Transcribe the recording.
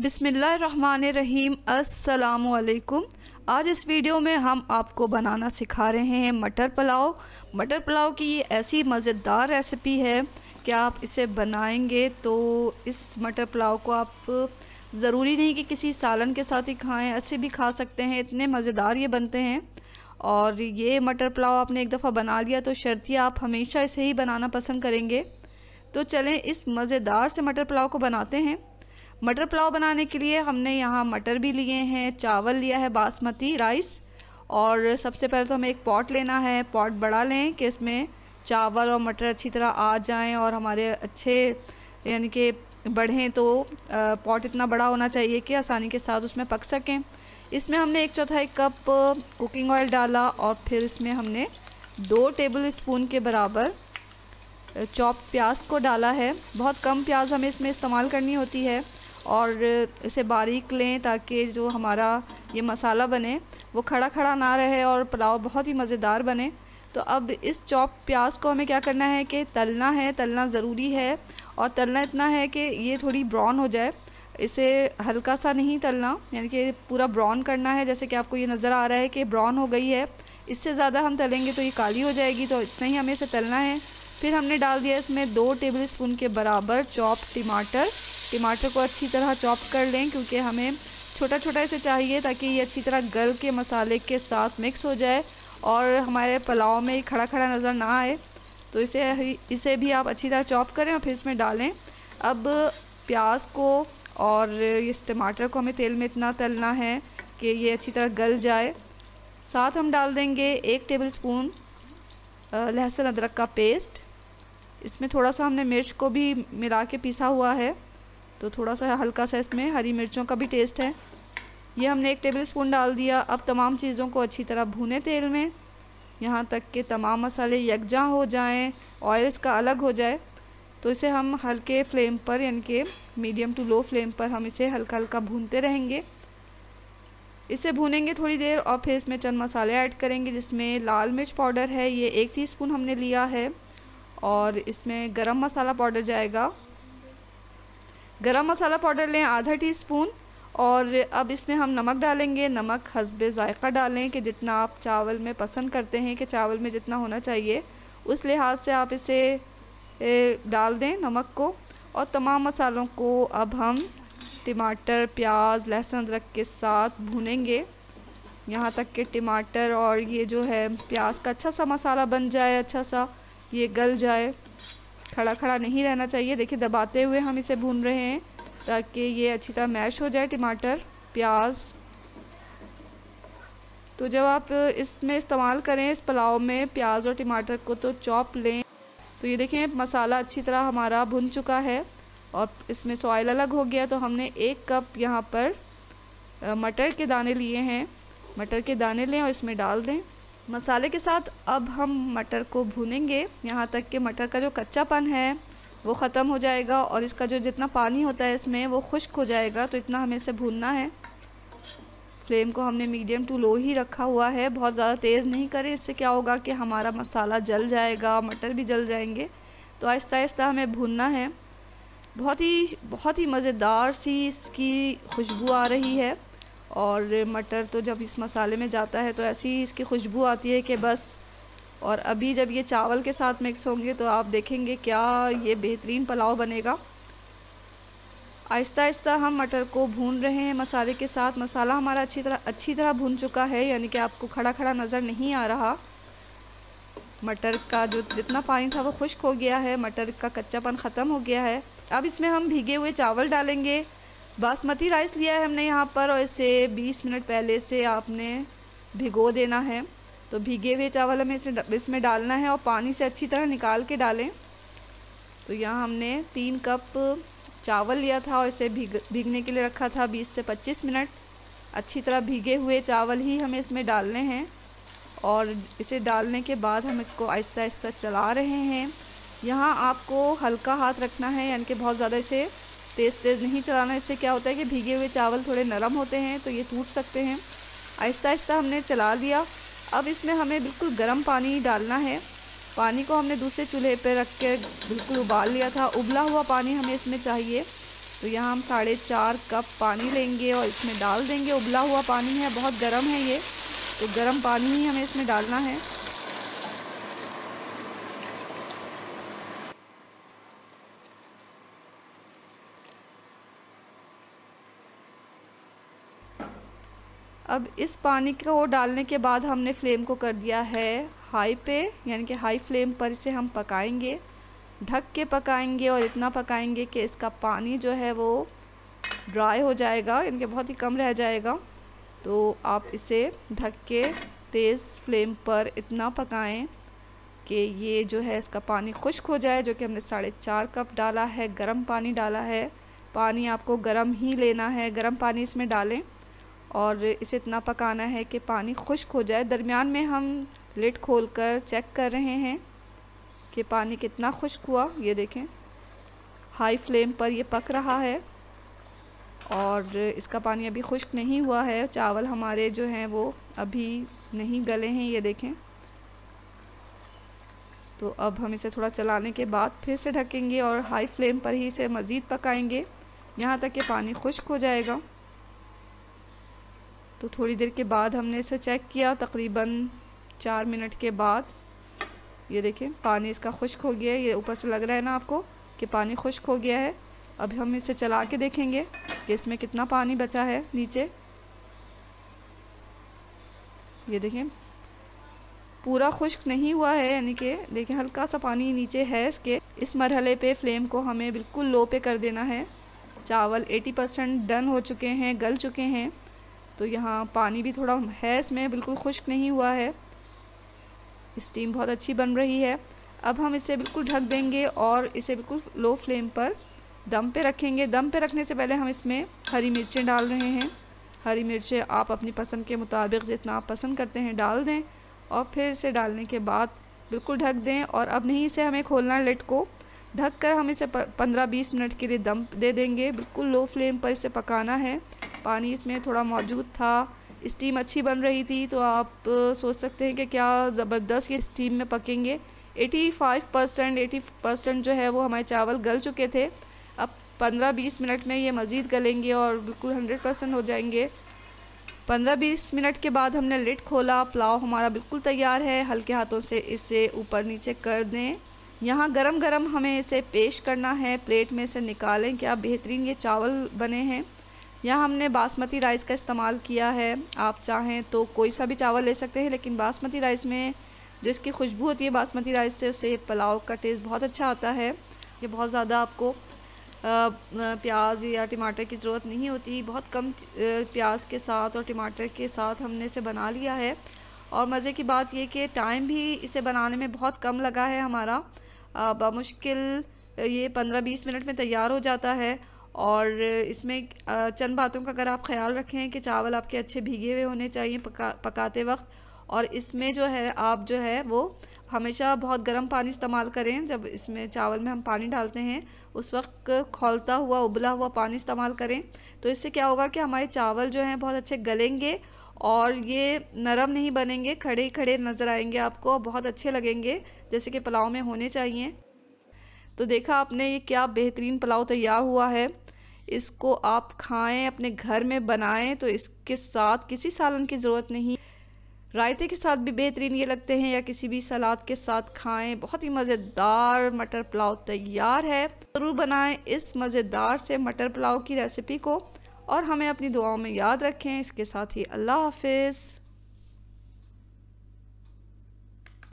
बिसमीम अस्सलाम आज इस वीडियो में हम आपको बनाना सिखा रहे हैं मटर पुलाव मटर पुलाव की ये ऐसी मज़ेदार रेसिपी है कि आप इसे बनाएंगे तो इस मटर पुलाव को आप ज़रूरी नहीं कि किसी सालन के साथ ही खाएं ऐसे भी खा सकते हैं इतने मज़ेदार ये बनते हैं और ये मटर पुलाव आपने एक दफ़ा बना लिया तो शर्ती आप हमेशा इसे ही बनाना पसंद करेंगे तो चलें इस मज़ेदार से मटर पुलाव को बनाते हैं मटर पुलाव बनाने के लिए हमने यहाँ मटर भी लिए हैं चावल लिया है बासमती राइस और सबसे पहले तो हमें एक पॉट लेना है पॉट बड़ा लें कि इसमें चावल और मटर अच्छी तरह आ जाएं और हमारे अच्छे यानी कि बढ़ें तो पॉट इतना बड़ा होना चाहिए कि आसानी के साथ उसमें पक सकें इसमें हमने एक चौथाई कप कुकिंग ऑयल डाला और फिर इसमें हमने दो टेबल स्पून के बराबर चॉप प्याज को डाला है बहुत कम प्याज हमें इसमें इस्तेमाल करनी होती है और इसे बारीक लें ताकि जो हमारा ये मसाला बने वो खड़ा खड़ा ना रहे और पुलाव बहुत ही मज़ेदार बने तो अब इस चॉप प्याज को हमें क्या करना है कि तलना है तलना ज़रूरी है और तलना इतना है कि ये थोड़ी ब्राउन हो जाए इसे हल्का सा नहीं तलना यानी कि पूरा ब्राउन करना है जैसे कि आपको ये नज़र आ रहा है कि ब्राउन हो गई है इससे ज़्यादा हम तलेंगे तो ये काली हो जाएगी तो इतना ही हमें इसे तलना है फिर हमने डाल दिया इसमें दो टेबल स्पून के बराबर चॉप टमाटर टमाटर को अच्छी तरह चॉप कर लें क्योंकि हमें छोटा छोटा इसे चाहिए ताकि ये अच्छी तरह गल के मसाले के साथ मिक्स हो जाए और हमारे पुलाव में खड़ा खड़ा नज़र ना आए तो इसे इसे भी आप अच्छी तरह चॉप करें और फिर इसमें डालें अब प्याज को और इस टमाटर को हमें तेल में इतना तलना है कि ये अच्छी तरह गल जाए साथ हम डाल देंगे एक टेबल स्पून लहसुन अदरक का पेस्ट इसमें थोड़ा सा हमने मिर्च को भी मिला के पीसा हुआ है तो थोड़ा सा हल्का सा इसमें हरी मिर्चों का भी टेस्ट है ये हमने एक टेबल स्पून डाल दिया अब तमाम चीज़ों को अच्छी तरह भूने तेल में यहाँ तक के तमाम मसाले यकजा हो जाएँ ऑयल इसका अलग हो जाए तो इसे हम हल्के फ्लेम पर यानी कि मीडियम टू लो फ्लेम पर हम इसे हल्का हल्का भूनते रहेंगे इसे भूनेंगे थोड़ी देर और फिर इसमें चंद मसाले ऐड करेंगे जिसमें लाल मिर्च पाउडर है ये एक टीस्पून हमने लिया है और इसमें गरम मसाला पाउडर जाएगा गरम मसाला पाउडर लें आधा टी स्पून और अब इसमें हम नमक डालेंगे नमक हसब ज़ायक़ा डालें कि जितना आप चावल में पसंद करते हैं कि चावल में जितना होना चाहिए उस लिहाज से आप इसे डाल दें नमक को और तमाम मसालों को अब हम टमाटर प्याज लहसुन अदरक के साथ भूनेंगे यहाँ तक कि टमाटर और ये जो है प्याज का अच्छा सा मसाला बन जाए अच्छा सा ये गल जाए खड़ा खड़ा नहीं रहना चाहिए देखिए दबाते हुए हम इसे भून रहे हैं ताकि ये अच्छी तरह मैश हो जाए टमाटर प्याज तो जब आप इसमें इस्तेमाल करें इस पुलाव में प्याज और टमाटर को तो चॉप लें तो ये देखें मसाला अच्छी तरह हमारा भुन चुका है और इसमें सॉयल अलग हो गया तो हमने एक कप यहाँ पर मटर के दाने लिए हैं मटर के दाने लें और इसमें डाल दें मसाले के साथ अब हम मटर को भूनेंगे यहाँ तक कि मटर का जो कच्चापन है वो ख़त्म हो जाएगा और इसका जो जितना पानी होता है इसमें वो खुश्क हो जाएगा तो इतना हमें इसे भूनना है फ्लेम को हमने मीडियम टू लो ही रखा हुआ है बहुत ज़्यादा तेज़ नहीं करें इससे क्या होगा कि हमारा मसाला जल जाएगा मटर भी जल जाएंगे तो आहिस्ता आहिस्ता हमें भूनना है बहुत ही बहुत ही मज़ेदार सी इसकी खुशबू आ रही है और मटर तो जब इस मसाले में जाता है तो ऐसी इसकी खुशबू आती है कि बस और अभी जब ये चावल के साथ मिक्स होंगे तो आप देखेंगे क्या ये बेहतरीन पुलाव बनेगा आहिस्ता आहिस्ता हम मटर को भून रहे हैं मसाले के साथ मसाला हमारा अच्छी तरह अच्छी तरह भून चुका है यानी कि आपको खड़ा खड़ा नज़र नहीं आ रहा मटर का जो जितना पानी था वो खुश्क हो गया है मटर का कच्चापन ख़त्म हो गया है अब इसमें हम भीगे हुए चावल डालेंगे बासमती राइस लिया है हमने यहाँ पर और इसे 20 मिनट पहले से आपने भिगो देना है तो भीगे हुए चावल हमें इसे इसमें डालना है और पानी से अच्छी तरह निकाल के डालें तो यहाँ हमने तीन कप चावल लिया था और इसे भीग भीगने के लिए रखा था 20 से 25 मिनट अच्छी तरह भीगे हुए चावल ही हमें इसमें डालने हैं और इसे डालने के बाद हम इसको आहिस्ता आहिस्ता चला रहे हैं यहाँ आपको हल्का हाथ रखना है यानी कि बहुत ज़्यादा इसे तेज़ तेज़ नहीं चलाना इससे क्या होता है कि भीगे हुए चावल थोड़े नरम होते हैं तो ये टूट सकते हैं आहिस्ता आहिस्ता हमने चला लिया अब इसमें हमें बिल्कुल गर्म पानी डालना है पानी को हमने दूसरे चूल्हे पर रख के बिल्कुल उबाल लिया था उबला हुआ पानी हमें इसमें चाहिए तो यहाँ हम साढ़े चार कप पानी लेंगे और इसमें डाल देंगे उबला हुआ पानी है बहुत गर्म है ये तो गर्म पानी ही हमें इसमें डालना है अब इस पानी को डालने के बाद हमने फ्लेम को कर दिया है हाई पे यानी कि हाई फ्लेम पर इसे हम पकाएंगे ढक के पकाएंगे और इतना पकाएंगे कि इसका पानी जो है वो ड्राई हो जाएगा यानी कि बहुत ही कम रह जाएगा तो आप इसे ढक के तेज़ फ्लेम पर इतना पकाएं कि ये जो है इसका पानी खुश्क हो जाए जो कि हमने साढ़े चार कप डाला है गर्म पानी डाला है पानी आपको गर्म ही लेना है गर्म पानी इसमें डालें और इसे इतना पकाना है कि पानी खुश्क हो जाए दरमियान में हम लिड खोल कर चेक कर रहे हैं कि पानी कितना खुश्क हुआ ये देखें हाई फ्लेम पर ये पक रहा है और इसका पानी अभी खुश्क नहीं हुआ है चावल हमारे जो हैं वो अभी नहीं गले हैं ये देखें तो अब हम इसे थोड़ा चलाने के बाद फिर से ढकेंगे और हाई फ्लेम पर ही इसे मज़ीद पकाएंगे यहाँ तक कि पानी खुश्क हो जाएगा तो थोड़ी देर के बाद हमने इसे चेक किया तकरीबन चार मिनट के बाद ये देखें पानी इसका खुश्क हो गया है ये ऊपर से लग रहा है ना आपको कि पानी खुश्क हो गया है अब हम इसे चला के देखेंगे कि इसमें कितना पानी बचा है नीचे ये देखें पूरा खुश्क नहीं हुआ है यानी कि देखें हल्का सा पानी नीचे है इसके इस मरहले पे फ्लेम को हमें बिल्कुल लो पे कर देना है चावल 80 परसेंट डन हो चुके हैं गल चुके हैं तो यहाँ पानी भी थोड़ा है इसमें बिल्कुल खुश्क नहीं हुआ है स्टीम बहुत अच्छी बन रही है अब हम इसे बिल्कुल ढक देंगे और इसे बिल्कुल लो फ्लेम पर दम पे रखेंगे दम पे रखने से पहले हम इसमें हरी मिर्चें डाल रहे हैं हरी मिर्चें आप अपनी पसंद के मुताबिक जितना आप पसंद करते हैं डाल दें और फिर इसे डालने के बाद बिल्कुल ढक दें और अब नहीं इसे हमें खोलना लिट को ढक कर हम इसे पंद्रह बीस मिनट के लिए दम दे देंगे बिल्कुल लो फ्लेम पर इसे पकाना है पानी इसमें थोड़ा मौजूद था स्टीम अच्छी बन रही थी तो आप सोच सकते हैं कि क्या ज़बरदस्त ये स्टीम में पकेंगे 85 परसेंट एटी परसेंट जो है वो हमारे चावल गल चुके थे अब 15-20 मिनट में ये मज़ीद गलेंगे और बिल्कुल 100 परसेंट हो जाएंगे 15-20 मिनट के बाद हमने लिट खोला पुलाव हमारा बिल्कुल तैयार है हल्के हाथों से इसे ऊपर नीचे कर दें यहाँ गरम गरम हमें इसे पेश करना है प्लेट में से निकालें क्या बेहतरीन ये चावल बने हैं यहाँ हमने बासमती राइस का इस्तेमाल किया है आप चाहें तो कोई सा भी चावल ले सकते हैं लेकिन बासमती राइस में जो इसकी खुशबू होती है बासमती राइस से उससे पुलाव का टेस्ट बहुत अच्छा आता है ये बहुत ज़्यादा आपको प्याज या टमाटर की ज़रूरत नहीं होती बहुत कम प्याज के साथ और टमाटर के साथ हमने इसे बना लिया है और मज़े की बात यह कि टाइम भी इसे बनाने में बहुत कम लगा है हमारा बमुश्किल ये पंद्रह बीस मिनट में तैयार हो जाता है और इसमें चंद बातों का अगर आप ख्याल रखें कि चावल आपके अच्छे भीगे हुए होने चाहिए पका पकाते वक्त और इसमें जो है आप जो है वो हमेशा बहुत गर्म पानी इस्तेमाल करें जब इसमें चावल में हम पानी डालते हैं उस वक्त खोलता हुआ उबला हुआ पानी इस्तेमाल करें तो इससे क्या होगा कि हमारे चावल जो हैं बहुत अच्छे गलेंगे और ये नरम नहीं बनेंगे खड़े खड़े नज़र आएंगे आपको बहुत अच्छे लगेंगे जैसे कि पुलाव में होने चाहिए तो देखा आपने ये क्या बेहतरीन पुलाव तैयार हुआ है इसको आप खाएं अपने घर में बनाएं तो इसके साथ किसी सालन की ज़रूरत नहीं रायते के साथ भी बेहतरीन ये लगते हैं या किसी भी सलाद के साथ खाएं बहुत ही मज़ेदार मटर पुलाव तैयार है ज़रूर बनाएं इस मज़ेदार से मटर पुलाव की रेसिपी को और हमें अपनी दुआओं में याद रखें इसके साथ ही अल्लाह हाफिज़